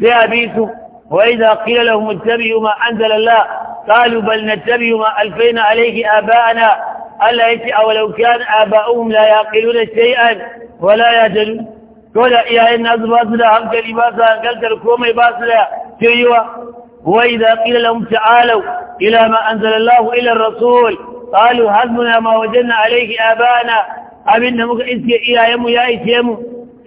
sai a bi su وإذا قيل لهم اتبعوا ما أنزل الله قالوا بل نتبع ما ألفينا عليه آباءنا ألا يتبع أولو كان آباؤهم لا يعقلون شيئا ولا يهتدون يا إيهين ناس باسلا هم كلماسا قلتر كومي باسلا شيوا وإذا قيل لهم تعالوا إلى ما أنزل الله إلى الرسول قالوا حسبنا ما وجدنا عليه آباءنا أبنا يا يم يا إيهيم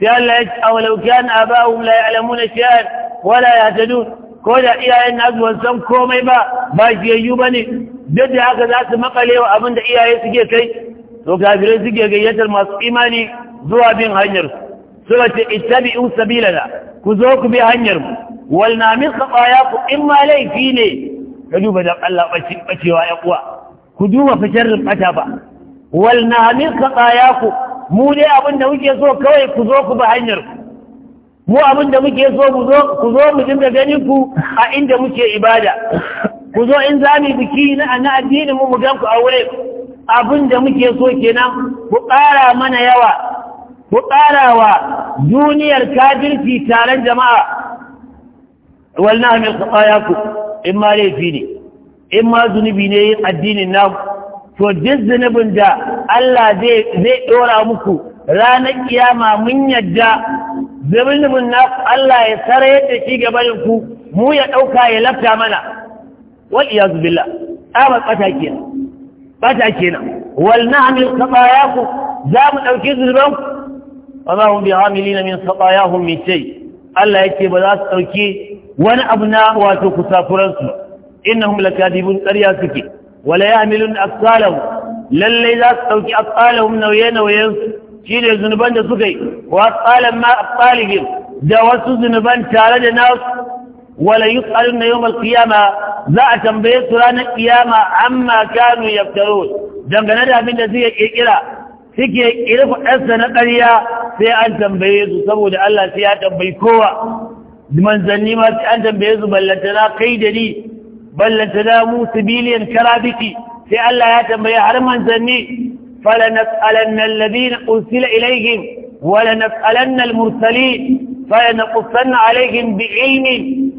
فألا يتبع أولو كان آباؤهم لا يعلمون شيئا wala yahtadun ko da iyayen na zuwan san komai ba ba shiyayyu ba ne duk da haka za su makale wa abin iyaye suke kai to kafirai suke gayyatar masu imani zuwa bin hanyar Su ba ce in sabila sabilana ku zo ku bi hanyar mu wal namin khataya ku in ma laifi ne ka duba da Allah ɓacewa bacewa ya kuwa ku duba fitar bata ba wal namin khataya ku mu dai abin da muke so kawai ku zo ku bi hanyar ku mu abin da muke so ku zo mu dinga ganin ku a inda muke ibada ku zo in za mu biki na addinin mu mu gan ku aure abin da muke so kenan ku ƙara mana yawa ku ƙara wa duniyar kafirci taron jama'a walna min qaya ku in ma laifi ne in ma zunubi ne yin addinin namu to duk zunubin da Allah zai zai dora muku ranar kiyama mun yadda zulumin naku Allah ya tsara yadda shi gabanin ku mu ya ɗauka ya lafta mana wal iyazu billah amma bata kenan bata kenan wal na'mil khatayaku za mu ɗauki zulman ku wa ma hum bi na min khatayahum min shay Allah ya ce ba za su ɗauki wani abu na wato kusafuran su innahum lakadibun ƙarya suke wala ya'milun aqsalahum Lallai za su ɗauki aqsalahum nauye nauyen su shi ne zunuban da suka yi wa tsalan ma tsalihim da wasu zunuban tare da na wala yus'alun na yawmal qiyama za a tambaye su ranar kiyama amma kanu yaftarun dangane da abin da suke kirkira suke kirfa ɗansa na ƙarya sai an tambaye su saboda Allah sai ya tambayi kowa manzanni ma sai an tambaye su ballantana kai da ni ballantana mu sibiliyan karabiki sai Allah ya tambaye har manzanni فلنسألن الذين أرسل إليهم ولنسألن المرسلين فلنقصن عليهم بعلم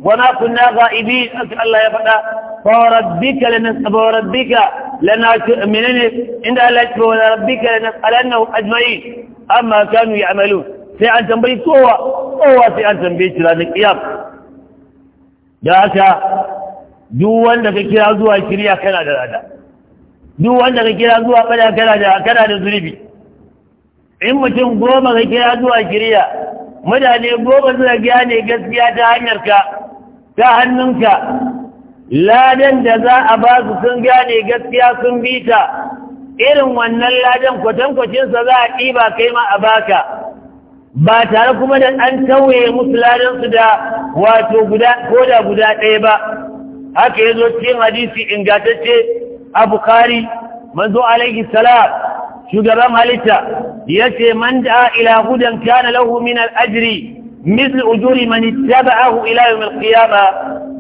وما كنا غائبين أسأل الله يا فتاة فوربك لنسأل لنا لنأمنن إن الله ربك لنسألنهم أجمعين أما كانوا يعملون في أن tambayi kowa kowa في أن tambaye لأن القيام kiyam da haka duk wanda ka kira zuwa shirya duk wanda ka kira zuwa bada kana da da zurbi in mutum goma ka kira zuwa shirya mutane goma suna gane gaskiya ta hanyar ka ta hannunka ladan da za a ba su sun gane gaskiya sun bi ta irin wannan ladan kwatankwacinsa za a ɗiba kai ma a baka ba tare kuma da an tauye musu ladansu da wato guda ko da guda ɗaya ba haka ya zo cikin hadisi ingantacce a bukari manzo alaihi salam shugaban halitta ya ce man da ila hudan kana lahu min al'ajiri مثل أجور من اتبعه إلى يوم القيامة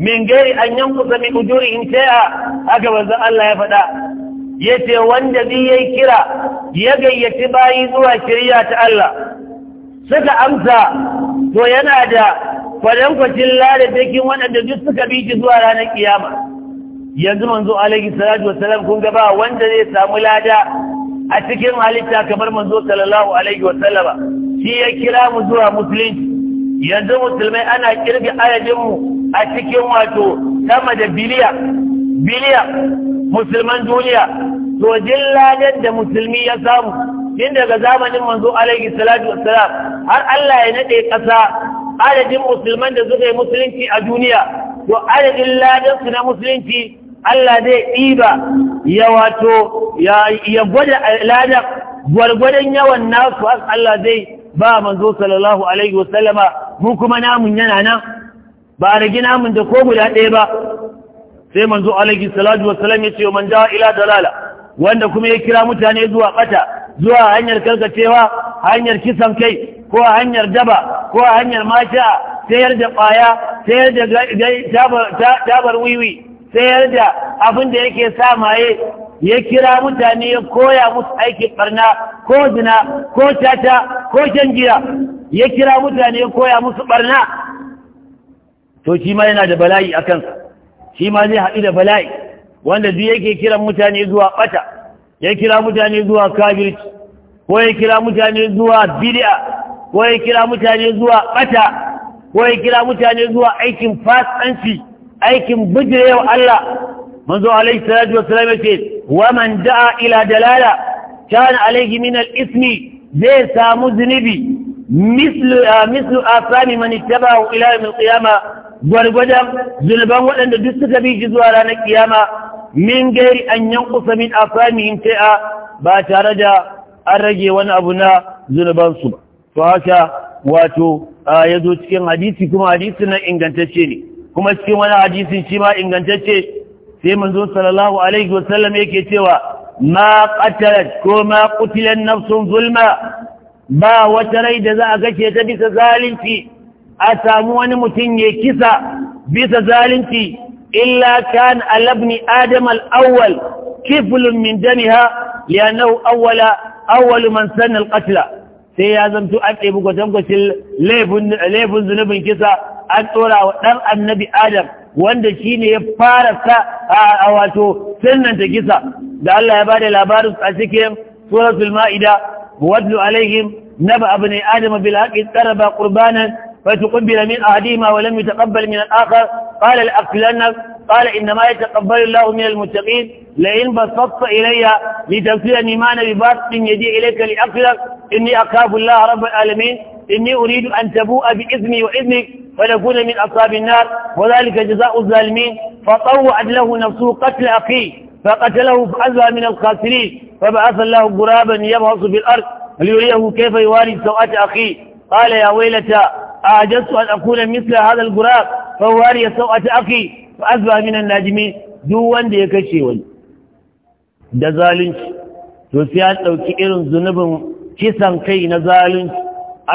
من غير أن ينقص من أجورهم شيئا هكذا الله يفدا yace wanda bi yayi kira ya gayyaci bayi zuwa shirya ta Allah suka amsa to yana da kwadankwacin lare cikin waɗanda duk suka bi shi zuwa ranar kiyama yanzu manzo alaihi salatu wassalam kun ga ba wanda zai samu lada a cikin halitta kamar manzo sallallahu alaihi wasallama shi ya kira mu zuwa musulunci yanzu musulmai ana kirga ayajin mu a cikin wato sama da biliya biliya musulman duniya to jin da musulmi ya samu tun daga zamanin manzo alaihi salatu wassalam har Allah ya nade kasa adadin musulman da suka yi musulunci a duniya to adadin ladan su na musulunci Allah zai ɗiba ya wato ya gwada al'ada, gwargwadon yawan nasu Allah zai ba manzo sallallahu alaihi wasallama mu kuma namun yana nan ba a rigi namun da ko guda ɗaya ba sai manzo alaihi salatu wasallam ya ce wa man dawa ila dalala wanda kuma ya kira mutane zuwa ɓata, zuwa hanyar karkacewa hanyar kisan kai ko hanyar daba ko a hanyar mata sayar da ƙwaya sayar da tabar wiwi sayar da abin da yake sa maye ya kira mutane ya koya musu aikin barna ko zina ko tata ko shan giya ya kira mutane ya koya musu barna to shi ma yana da bala'i a kansa shi ma zai haɗu da bala'i wanda zai yake kiran mutane zuwa ɓata ya kira mutane zuwa kabirci ko ya kira mutane zuwa bid'a ko ya kira mutane zuwa ɓata ko ya kira mutane zuwa aikin fasanci aikin bijirewa Allah manzo alaihi salatu wassalam yace wa man da'a ila dalala kana alaihi min al-ismi zai samu zunubi mislu ah, mislu asami man ittabahu ila yawm al-qiyama gwargwadon zulban waɗanda duk suka bi shi zuwa ranar kiyama min gairi an yankusa min asamihim tai'a ba tare da an rage wani abu na zunubansu ba to haka wato ah, ya cikin hadisi kuma hadisi na ingantacce ne kuma cikin wani hadisin shi ma ingantacce sai manzo sallallahu alaihi wasallam yake cewa ma qatalat ko ma qutilan nafsun zulma ba wata rai da za a gashe ta bisa zalunci a samu wani mutum ya kisa bisa zalunci illa kan alabni adam al-awwal kiflun min damiha li'annahu awwala awwal man sanna al-qatla sai ya zanto an ɗebi kwatankwacin laifin zunubin kisa an ɗora wa ɗan annabi adam wanda shi ne ya fara sa a wato sinanta kisa da Allah ya ba da labarin a cikin suratul ma'ida wadda alaihim ba abu ne adama bil haƙi tsara ba ƙurbanan a من أهديما ولم يتقبل من الآخر قال الأقلنك قال إنما يتقبل الله من المتقين لئن بسطت إلي لتنفيذني ما أنا بباسط يدي إليك لأقلك إني أخاف الله رب العالمين إني أريد أن تبوء بإذني وإذنك فنكون من أصحاب النار وذلك جزاء الظالمين فطوعت له نفسه قتل أخيه فقتله فأزهى من الخاسرين فبعث الله غرابا يبعث في الأرض ليريه كيف يواري سوءة أخيه قال يا ويلتى أعجزت أن أكون مثل هذا الغراب فواري سوءة أخي fa azwa minan najimi duk wanda ya kashe wani da zalunci to sai an dauki irin zunubin kisan kai na zalunci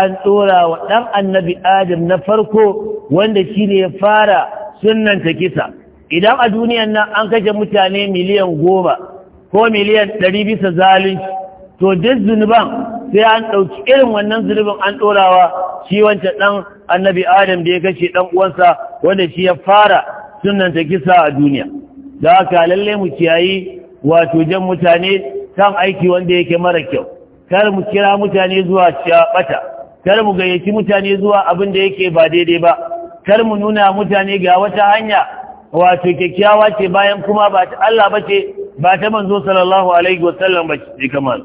an tsora wa dan annabi adam na farko wanda shine ya fara sunnanta kisa idan a duniyan nan an kashe mutane miliyan goma ko miliyan ɗari bisa zalunci to duk zunuban sai an ɗauki irin wannan zunubin an ɗorawa shi wancan ɗan annabi adam da ya kashe ɗan uwansa wanda shi ya fara sunan ta kisa a duniya da haka lalle mu kiyayi wato jan mutane kan aiki wanda yake mara kyau kar mu kira mutane zuwa bata kar mu gayyaci mutane zuwa abin da yake ba daidai ba kar mu nuna mutane ga wata hanya wato kyakkyawa ce bayan kuma ba ta Allah bace ba ta manzo sallallahu alaihi wasallam ba ce kamar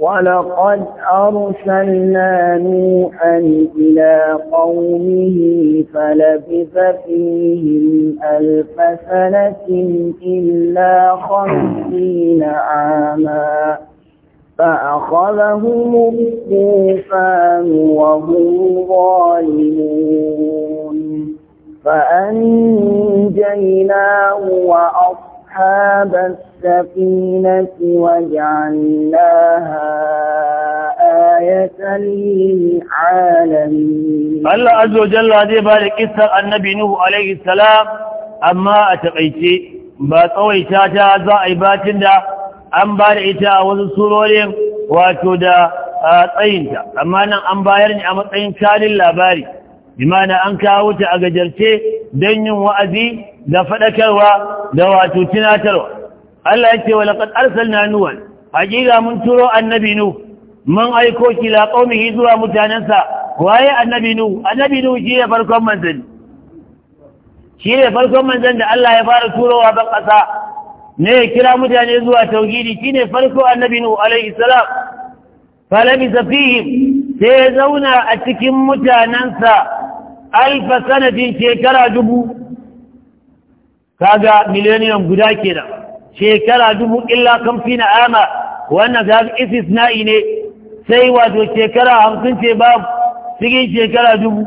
ولقد أرسلنا نوحا إلى قومه فلبث فيهم ألف سنة إلا خمسين عاما فأخذهم الطوفان وهم ظالمون فأنجيناه وأصبحوا أصحاب السفينة وجعلناها آية للعالمين الله عز وجل هذه بارك إسر النبي نوح عليه السلام أما أتقيتي ba tsawaita ta za a yi bacin da an ba da ita a wasu surorin wato da tsayinta amma nan an bayar ne a matsayin kanin labari bi an kawo ta a gajarce don yin wa'azi da faɗakarwa da wato tunatarwa Allah ya ce wa laqad arsalna nuwan hakika mun turo annabi nu mun aiko ki la qaumihi zuwa mutanensa waye annabi nu annabi nu shi ne farkon manzan. shi ne farkon manzan da Allah ya fara turowa ban ƙasa ne ya kira mutane zuwa tauhidi shi ne farko annabi nu alaihi salam falabisa fihim sai ya zauna a cikin mutanensa alfa sanadin shekara dubu kaga millennium guda kenan shekara dubu illa kamfi na ama wannan ga istisna'i ne sai wato shekara hamsin ce babu cikin shekara dubu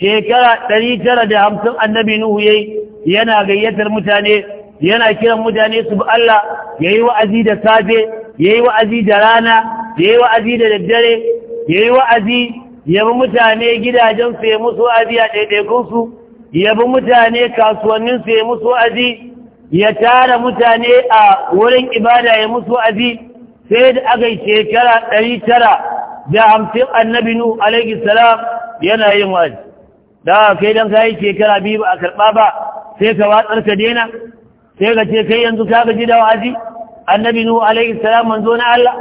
shekara ɗari tara da hamsin annabi nuhu yayi yana gayyatar mutane yana kiran mutane su bi Allah yayi wa'azi da safe yayi wa'azi da rana yayi wa'azi da daddare yayi wa'azi yabi mutane gidajen su ya musu wa'azi a ɗaiɗaikunsu. Ya yabi mutane kasuwannin su ya musu wa'azi ya tara mutane a wurin ibada ya musu wa'azi sai da aka yi shekara ɗari tara da hamsin annabi nu alaihi salam yana yin wa'azi da kai dan ka shekara biyu ba a karɓa ba sai ka watsar ka daina sai ka ce kai yanzu ka gaji da wa'azi annabi nu alaihi salam manzo na Allah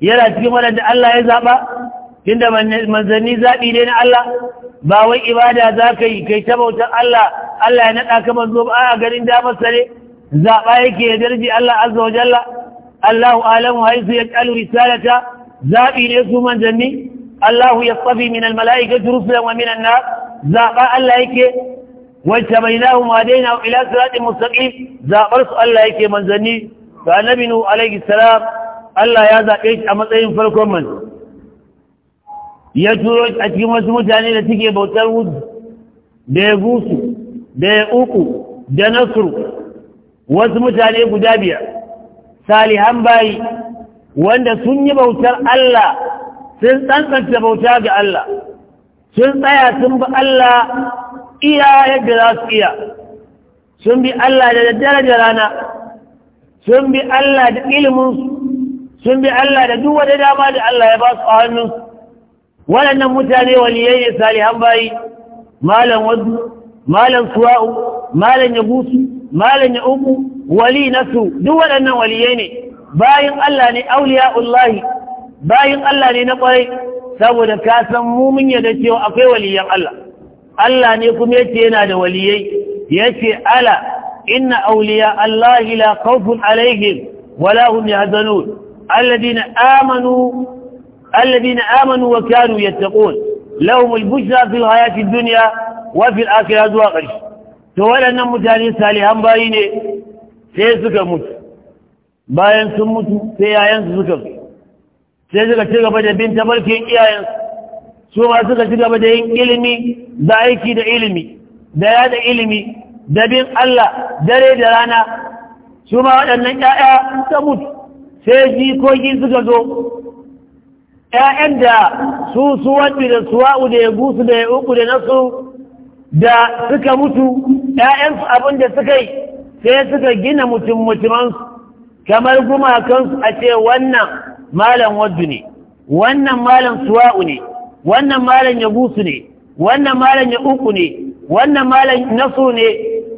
yana cikin wadanda Allah ya zaɓa tunda manzanni zaɓi ne na Allah ba wai ibada za ka yi kai ta bautar Allah Allah ya naɗa ka manzo ba a garin damarsa ne zaɓa yake ya darji Allah azza wa jalla Allahu alamu haisu ya ƙalu risalata zaɓi ne su manzanni Allahu ya tsafi min almala'ika rusulan wa min annas zaɓa Allah yake wacce bai na huma daina ila siratin mustaqim zaɓar su Allah yake manzanni to annabi nu alaihi salam Allah ya zaɓe shi a matsayin farkon manzo ya turo a cikin wasu mutane da suke bautar wudu da ya gusu da ya uku da nasru wasu mutane guda biyar salihan bayi wanda sun yi bautar Allah sun tsantsanta bauta ga Allah sun tsaya sun bi Allah iya yadda za su iya sun bi Allah da daddare da rana sun bi Allah da ilimin sun bi Allah da duk wani dama da Allah ya ba su a hannunsu waɗannan mutane waliyai ne salihan bayi malam wadu malam suwa'u malam ya busu malam ya umu wali na su. duk waɗannan waliyai ne bayin Allah ne Auliya auliya'ullahi bayin Allah ne na ƙwarai saboda ka san mu mun yadda cewa akwai waliyan Allah Allah ne kuma yace yana da waliyai yace ala inna auliya Allah la khawfun alaihim wala hum yahzanun alladhina amanu الذين آمنوا وكانوا يتقون لهم البشرى في الحياة الدنيا وفي الآخرة ذو قرش تولنا متاني صالحان باين sai suka mutu bayan sun mutu sai yayansu suka sai suka ci gaba da bin tabarkin iyayensu su ma suka ci gaba da yin ilimi da aiki da ilimi da ilimi da bin Allah dare da rana su ma waɗannan sai jikoki suka zo ‘ya'yan da su wadda da suwa'u da ya busu da ya uku da nasu da suka mutu ‘ya'yansu abin da suka yi sai suka gina mutum mutumansu kamar gumakansu a ce wannan malam waddu ne wannan malam suwa'u ne wannan malam ya busu ne wannan malam ya uku ne wannan malam nasu ne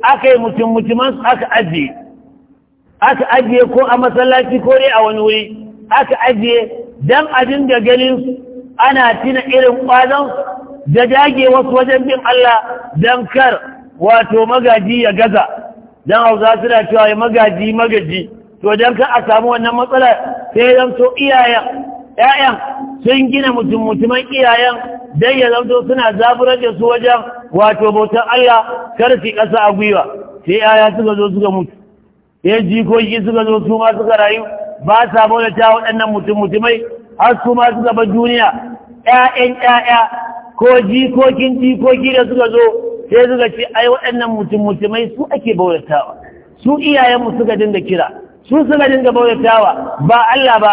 aka yi mutum mutumansu aka ajiye aka ajiye ko a masallaci ko dai a wani wuri aka ajiye don abin da ganin ana tina irin ƙwazon da dage wasu wajen bin Allah don kar wato magaji ya gaza don hausa suna cewa ya magaji magaji to don kar a samu wannan matsala sai ya to iyayen ‘ya'yan sun gina mutum mutumin iyayen don ya zamto suna zaburar da su wajen wato bautan Allah kar su ƙasa a gwiwa sai ‘ya'ya suka zo suka mutu sai jikoki suka zo su ma suka rayu ba sa bautata waɗannan mutum-mutumai har su ma suka bar duniya ƴaƴan ƴaƴa, ko jikokin jikoki da suka zo sai suka ce ai waɗannan mutum-mutumai su ake bautatawa su iyayenmu suka dinga kira su suka dinga bautatawa ba Allah ba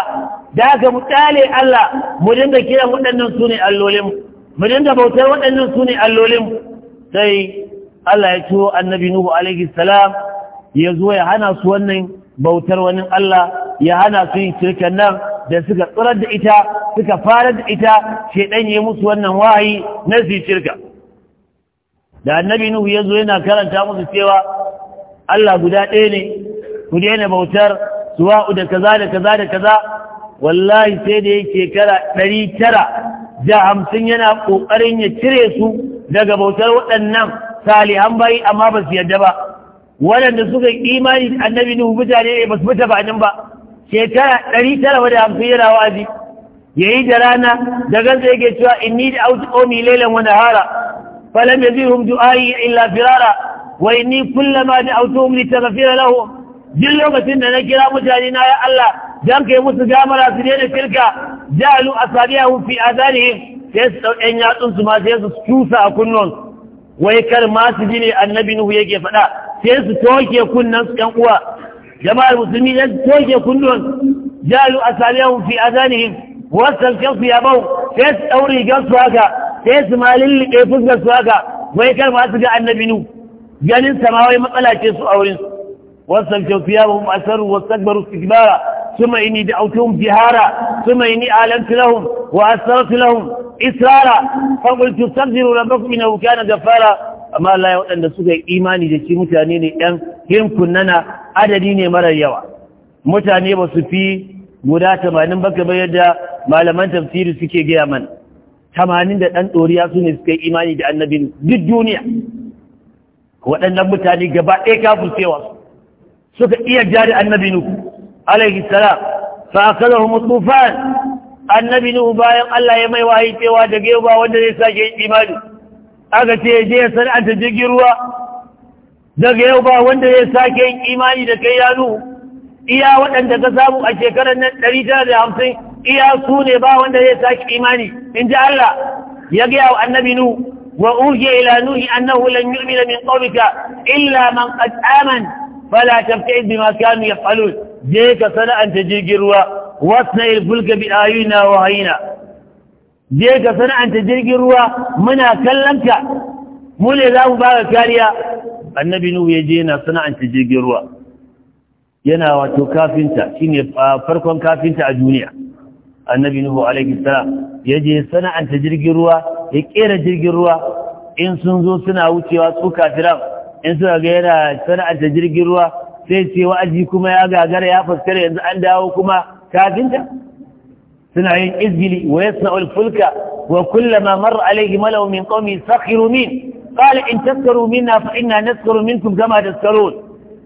da ga mu tsale Allah mu dinga kiran waɗannan su ne allolinmu mu dinga bautar waɗannan su ne allolinmu sai Allah ya ciwo annabi Nuhu alaihi salam ya zo ya hana su wannan bautar wani Allah ya hana su yi cirka nan da suka tsirar da ita suka fara da ita shaidan ya musu wannan wahayi na su cirka. da annabi nuhu ya zo yana karanta musu cewa Allah guda ɗaya ne ku daina bautar suwa'u da kaza da kaza da kaza wallahi sai da yake shekara ɗari tara da hamsin yana ƙoƙarin ya cire su daga bautar waɗannan salihan bayi amma ba su yadda ba waɗanda suka imani annabi nuhu mutane ba su fita ba ba shekara ɗari tara wadda hamsin yana wa'azi ya yi da rana da gansa yake cewa inni da auti omi lailan wani hara falam ya zihun du'ayi illa firara wa ni kullama da auti omi ta gafira lahu jin lokacin da na kira mutane na ya Allah don kai musu gamara su daina shirka jalu asabiyahu fi azanihim sai su ɗau ɗan su ma sai su cusa a kunnon wai kar ma su ji ne annabi nuhu yake faɗa sai su toke kunnen su ɗan uwa جماعة المسلمين يتوجه كلهم جعلوا أساليهم في أذانهم ووصل كيف يا بو تيس أوري جلس هكا تيس مالين لقيفوز جلس هكا ويكال ماسكا النبي نو جانين سماوي مقلا كيف أوري وصل كيف يا بو أسروا واستكبروا استكبارا ثم إني دعوتهم جهارا ثم إني أعلمت لهم وأسررت لهم إسرارا فقلت استغفروا ربكم إنه كان جفارا amma Allah ya waɗanda suka yi imani da shi mutane ne ɗan kunnana adadi ne marar yawa mutane ba su fi guda tamanin baka bai yadda malaman tafsiri suke gaya mana tamanin da ɗan ɗoriya su ne suka yi imani da annabin duk duniya waɗannan mutane gaba ɗaya kafin cewa suka iya jari annabi nuku alaihi salam fa akalahu mutufan annabi nuhu bayan Allah ya mai wahi cewa da gaba wanda zai sake imani aka ce je sana'anta jirgin ruwa daga yau ba wanda zai sake yin imani da kai ya iya waɗanda ka samu a shekarar nan ɗari tara da hamsin iya su ne ba wanda zai sake imani in ji Allah ya gaya wa annabi nuhu wa uhiya ila nuhi annahu lan yu'mina min qawmika illa man qad amana fala tabta'id bima kanu yaf'alun je ka sana'anta jirgin ruwa wasna al fulka bi ayina wa hayna je ka sana'anta jirgin ruwa muna kallonka mu ne za mu ba ka kariya annabi nuhu ya je yana sana'anta jirgin ruwa yana wato kafinta shine farkon kafinta a duniya annabi nuhu alaihi ya je sana'anta jirgin ruwa ya kera jirgin ruwa in sun zo suna wucewa su kafiran in suka ga yana sana'anta jirgin ruwa sai ce wa'azi kuma ya gagara ya fuskara yanzu an dawo kuma kafinta suna yin izgili wa ya fulka wa kullama mamar alaihi malaumin ƙomi sakiru min ƙali in taskaru min na fa’in na naskaru min kun gama da tsaro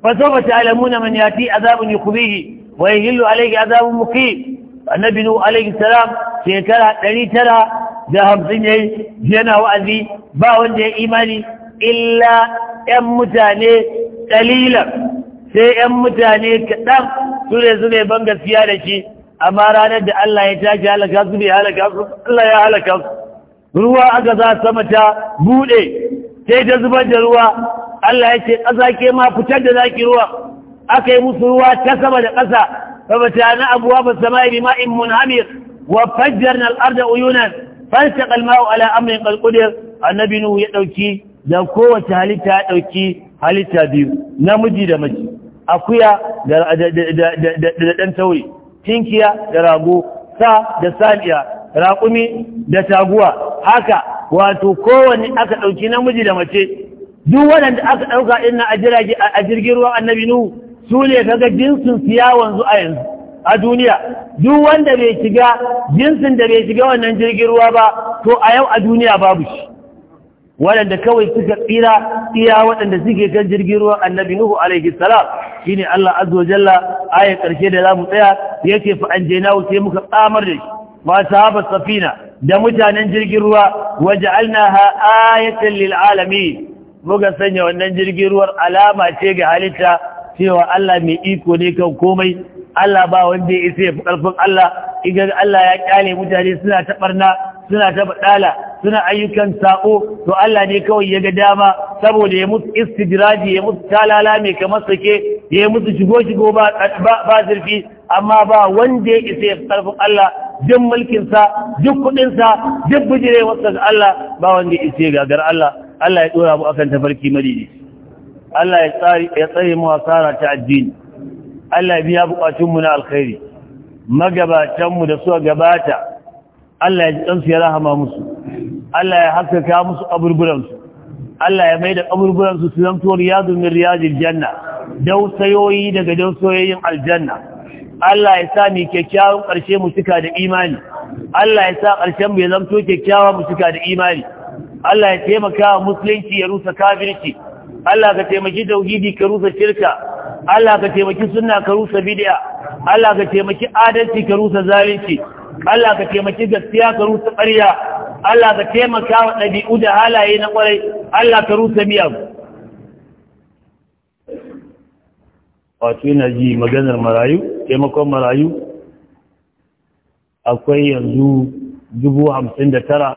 faso ba ta alamu na man yati a zaɓin yi kubihi wa yi hillu alaihi a zaɓin muki a nabi nu alaihi salam shekara ɗari tara da hamsin ya yi yana wa’azi ba wanda ya imani illa ‘yan mutane ɗalilan sai ‘yan mutane kaɗan su ne su ne ban gaskiya da shi amma ranar da Allah ya tashi halaka su bai halaka su Allah ya halaka su ruwa aka za sama ta bude sai ta zubar da ruwa Allah ya ce ƙasa ke ma fitar da zaki ruwa aka yi musu ruwa ta sama da ƙasa abuwa ba sama فبتانا أبواب السماء بماء منهمر وفجرنا الأرض عيونا فالتقى الماء على أمر قد قدر النبي ya ɗauki, da kowace halitta ya ɗauki halitta biyu namiji da mace akuya da ɗan tauri tinkiya da rago sa da saniya raƙumi da taguwa haka wato kowanne aka ɗauki namiji da mace duk waɗanda aka ɗauka ina a jirgin ruwan annabi nuhu su ne kaga jinsin siya wanzu a yanzu a duniya duk wanda bai shiga jinsin da bai shiga wannan jirgin ruwa ba to a yau a duniya babu shi waɗanda kawai suka tsira iya waɗanda suke kan jirgin ruwan annabi nuhu alaihi salam shine Allah azza wa jalla ayat karshe da za mu tsaya yace fa anjaynahu sai muka tsamar da shi ma haɓa safina da mutanen jirgin ruwa waja'alnaha ayatan lil alami. muka sanya wannan jirgin ruwar alama ce ga halitta cewa Allah mai iko ne kan komai Allah ba wanda ya isa ya fi ƙarfin Allah idan Allah ya ƙyale mutane suna ta suna ta badala suna ayyukan sako to Allah ne kawai ya ga dama saboda ya mutu istidraji ya mutu talala mai kamar sake ya musu shigo shigo ba zurfi amma ba wanda ya isa ya sarfin Allah duk mulkinsa duk kuɗinsa duk bijirewarsa ga Allah ba wanda ya isa ya gagar Allah Allah ya dora mu akan tafarki madidi Allah ya tsari ya tsare mu asara ta addini Allah ya biya mu na alkhairi magabatanmu da suka gabata Allah ya ji ɗansu ya rahama musu Allah ya haskaka musu aburburansu Allah ya mai da aburburansu su zamto riyadun min riyadil janna dausayoyi daga dausayoyin aljanna Allah ya sa mai kyakkyawan ƙarshe mu cika da imani Allah ya sa ƙarshen mai ya zamto kyakkyawa mu cika da imani Allah ya taimaka wa musulunci ya rusa kafirci Allah ka taimaki tauhidi ka rusa shirka Allah ka taimaki sunna ka rusa bid'a Allah ka taimaki adalci ka rusa zalunci Allah ka taimaki gaskiya ka rusa ƙarya Allah ka taimaka wa ɗabi'u da halaye na ƙwarai Allah ka rusa miya wato yana ji maganar marayu taimakon marayu akwai yanzu dubu hamsin da tara